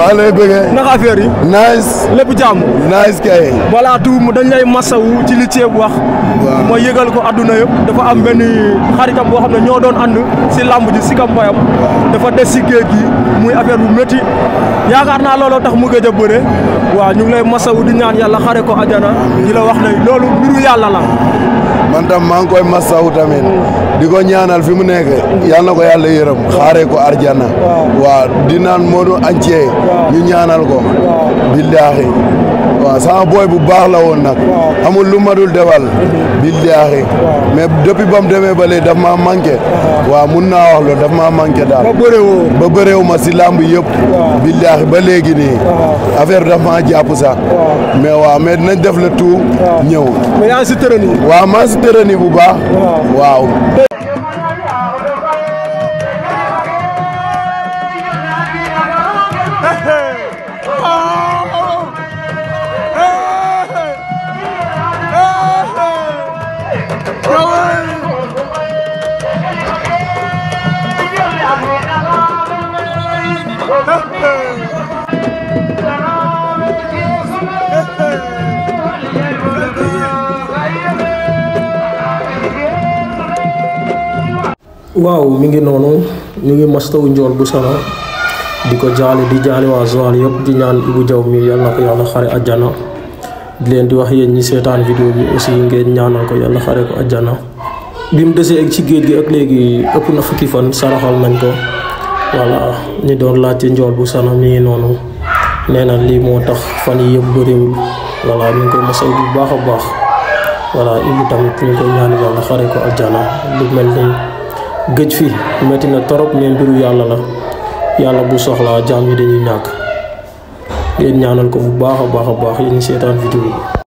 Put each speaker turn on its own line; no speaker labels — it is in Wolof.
maa lay bëggee. naka affaire yi. nice. lépp jàmm. nice kay. voilà tout dañ lay masawu ci li ceeb wax. waaw ma yëgal ko adduna yëpp. dafa am benn xaritam boo xam ne ñoo doon ànd si lamb ji si kambayam. dafa des si géej gi muy affaire bu métti. yaakaar naa looloo tax mu gëj a ñu ngi lay masawu di ñaan yàlla xare ko ajana. di la wax ne loolu mbiru yàlla la. man tam maa ngi koy masawu tamit mm. di ko ñaanal
fi mu nekk yal ko yàlla yërëm mm. xaaree ko arjana waaw di naan Modou Antier ñu ñaanal ko billaahi waaw sama booy bu baax la woon nag amul lu ma dul defal mm-hmm. billaahi mais dëppi ba mu demee ba léegi daf maa manqué uh-huh. waaw mun naa wax loolu daf maa manqué daal ba ma si làmb yëpp billaahi ba léegi nii uh-huh. affaire daf maa jàpp sax mais waaw mais dinañ def le ñëw waaw maa si tërëni waaw
Wow, mi nono, noonu ñu ngi mastawu njool bu solo di ko jaale di jaale waa yëpp di ñaan ibu Diaw mi yàlla na ko yàlla xare àjjana di leen di wax yéen ñi seetaan vidéo bi aussi ngeen ñaanal ko yàlla xare ko ak àjjana bi mu desee ak ci géej gi ak léegi ëpp na fukki fan saraxal nañ ko voilà ñu doon laajte njool bu sana mi ngi noonu nee na lii moo tax fan yi yëpp bëriwul voilà ñu ngi koy bu baax a baax voilà ibu tamit ñu ngi koy ñaan yàlla xare ko aljana lu mel ni gëj fi metti na torop mais mbiru yàlla la yàlla bu soxlaa jaam yi dañuy ñàkk ngeen ñaanal ko bu baax a baax a baax yéen seetaan vidéo yi